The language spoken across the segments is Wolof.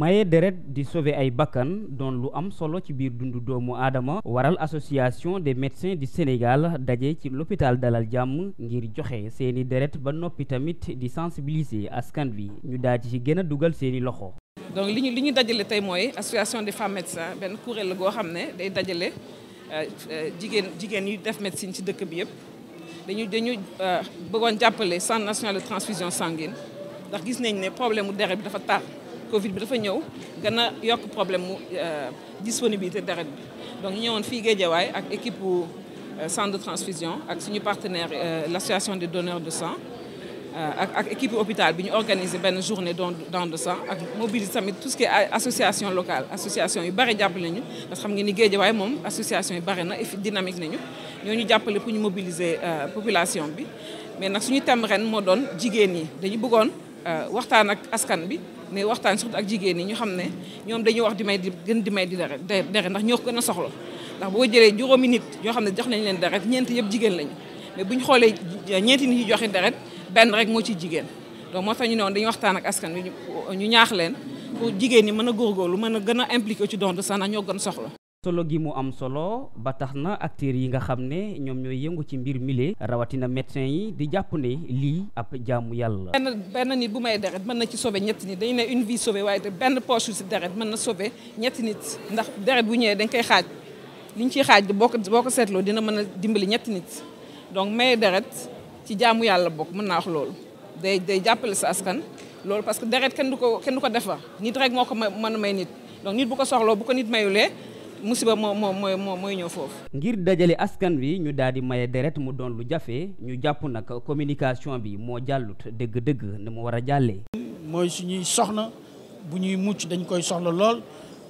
maye deret di sauver ay bakkan doon lu am solo ci biir dundu doomu aadama waral association des médecins di Sénégal daje ci l'hôpital Dalal Jàmm ngir joxe seeni deret ba noppi tamit di sensibiliser askan bi ñu daal ci gën a dugal seeni loxo. donc li ñu li ñu dajale tey mooy association des femmes médecins benn kuréel la goo xam ne day dajale euh, euh, jigéen jigéen yu def médecine ci dëkk bi yëpp dañu dañu euh, bëggoon jàppale centre national de transfusion sanguine ndax gis nañ ne Covid bi dafa ñëw gën a yokk problème mu euh, disponibilité deret bi donc ñëwoon fii Guédiawaay ak équipe bu euh, centre de transfusion ak suñu partenaire euh, l' association des donneurs de sang ak ak équipe hôpital bi ñu organiser benn journée don don de sang ak mobiliser tamit tout ce qui association locale association yu bare jàppale ñu parce que xam nga ni Guédiawaay moom association yu bare na et dynamique nañu ñoo ñu jàppale pour ñu mobiliser population bi mais nag suñu thème ren moo doon jigéen ñi dañu bëggoon waxtaan ak askan bi ne waxtaan surtout ak jigéen ñi ñu xam ne ñoom dañuy wax di may di gën di may di deret deret ndax ñoo ko gën a soxla ndax boo jëlee juróomi nit ñoo xam ne jox nañ leen deret ñeenti yëpp jigéen lañu mais bu ñu xoolee ñeenti nit ñu joxe deret benn rek moo ci jigéen donc moo tax ñu ne woon dañuy waxtaan ak askan wi ñu ñaax leen pour jigéen ñi mën a góorgóorlu mën a gën a impliqué ci don de santé ñoo gën soxla solo gi mu am solo ba tax na acteurs yi nga xam ne ñoom ñooy yëngu ci mbir mile rawatina médecin yi di jàpp ne lii ab jaamu yàlla benn benn nit bu may deret mën na ci sauver ñetti nit dañu ne une vie sauvée waaye benn poche si deret mën na sauver ñetti nit ndax deret bu ñëwee dañ koy xaaj liñ ciy xaaj boo ko boo ko seetloo dina mën a dimbali ñetti nit donc may deret ci jaamu yàlla bokk mën naa wax loolu day day jàppale sa askan loolu parce que deret kenn du ko kenn ko defar nit rek moo mën a may nit donc ko soxloo bu musiba moo moo mooy moo mooy ñëw foofu. ngir dajale askan wi ñu daal di maye deret mu doon lu jafe ñu jàpp nag communication bi moo jàllut dëgg-dëgg ni mu war a jàllee. mooy suñuy soxna bu ñuy mucc dañ koy soxla lool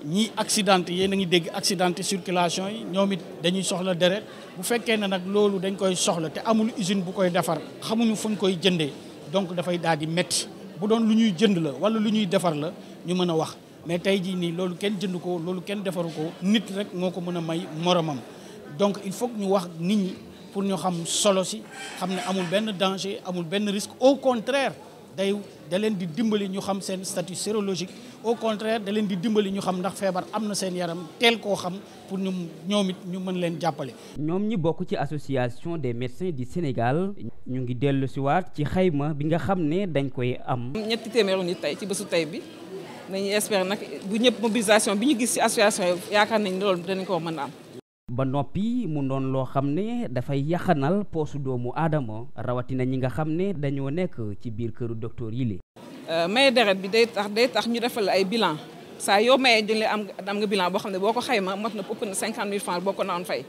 ñiy accidenté yéen a ngi dégg accidenté circulation yi ñoom it dañuy soxla deret bu fekkee ne nag loolu dañ koy soxla te amul usine bu koy defar xamuñu fu ñu koy jëndee donc dafay daal di métti bu doon lu ñuy jënd la wala lu ñuy defar la ñu mën a wax. mais tey jii nii loolu kenn jënd ko loolu kenn defaru ko nit rek moo ko mën a may moromam donc il faut ñu wax nit ñi pour ñu xam solo si xam ne amul benn danger amul benn risque au contraire day da leen di dimbali ñu xam seen statut sérologique au contraire da leen di dimbali ñu xam ndax feebar am na seen yaram teel koo xam pour ñu ñoom it ñu mën leen jàppale. ñoom ñi bokk ci association des médecins du Sénégal. ñu ngi dellu si waat ci xayma bi nga xam ne dañ koy am. ñetti téeméeru ni tey ci bésu tey bi. nañu espérer nag bu ñëpp mobilisation bi ñu gis ci association yaakaar nañ loolu danañ ko mën a am. ba noppi mu doon loo xam ne dafay yaxanal poosu doomu aadama rawatina ñi nga xam ne dañoo nekk ci biir këru docteur yi li euh, may deret bi day tax day tax ñu defal ay bilan saa yow mayee dañ am am nga bilan boo xam ne boo ko xayma mot na ëpp na cinquante mille francs boo ko naan fay.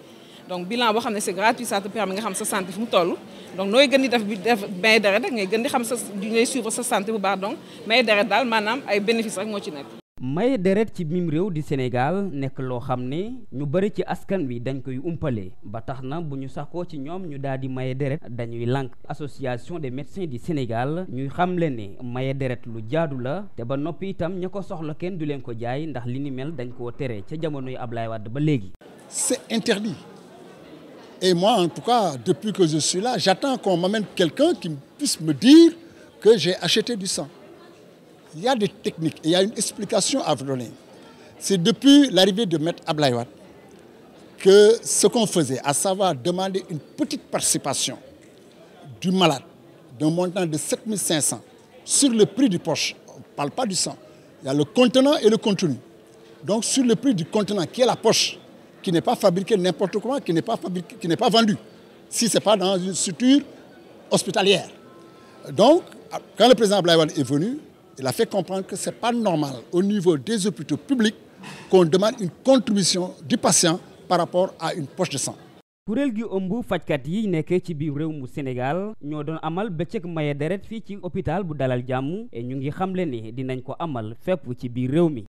donc bilan boo xam ne c'est gratuit ça te permet nga xam sa santé fu mu toll donc nooy gën di def bi def may deret ngay gën di xam sa ngay suivre sa santé bu baax donc may deret daal maanaam ay bénéfice rek moo ci nekk may deret ci mim réew di Sénégal nekk loo xam ne ñu bëri ci askan wi dañ koy umpale ba tax na bu ñu saxoo ci ñoom ñu daal di maye deret dañuy lànk association des médecins di Sénégal ñuy xamle ne maye deret lu jaadu la te ba noppi itam ña ko soxla kenn du leen jaay ndax li ni mel dañ koo tere ca jamonoy Ablaye Wade ba léegi. Et moi, en tout cas, depuis que je suis là, j'attends qu'on m'amène quelqu'un qui puisse me dire que j'ai acheté du sang. Il y a des techniques, et il explication à vous donner. C'est depuis l'arrivée de Maître Ablaïwat que ce qu'on faisait, à savoir demander une petite participation du malade d'un montant de 7500 sur le prix du poche, on ne parle pas du sang, il y a le contenant et le contenu. Donc sur le prix du contenant qui est la poche, qui n'est pas fabriqué n'importe comment, qui n'est pas fabriqué, qui n'est pas vendu, si ce n'est pas dans une structure hospitalière. Donc, quand le président Ablaïwan est venu, il a fait comprendre que ce n'est pas normal au niveau des hôpitaux publics qu'on demande une contribution du patient par rapport à une poche de sang. kuréel gi ëmb fajkat yi nekkee ci biir réew mu Sénégal ñoo doon amal bëccëg maye deret fii ci hôpital bu dalal jàmm e ñu ngi xamle ni dinañ ko amal fépp ci biir réew mi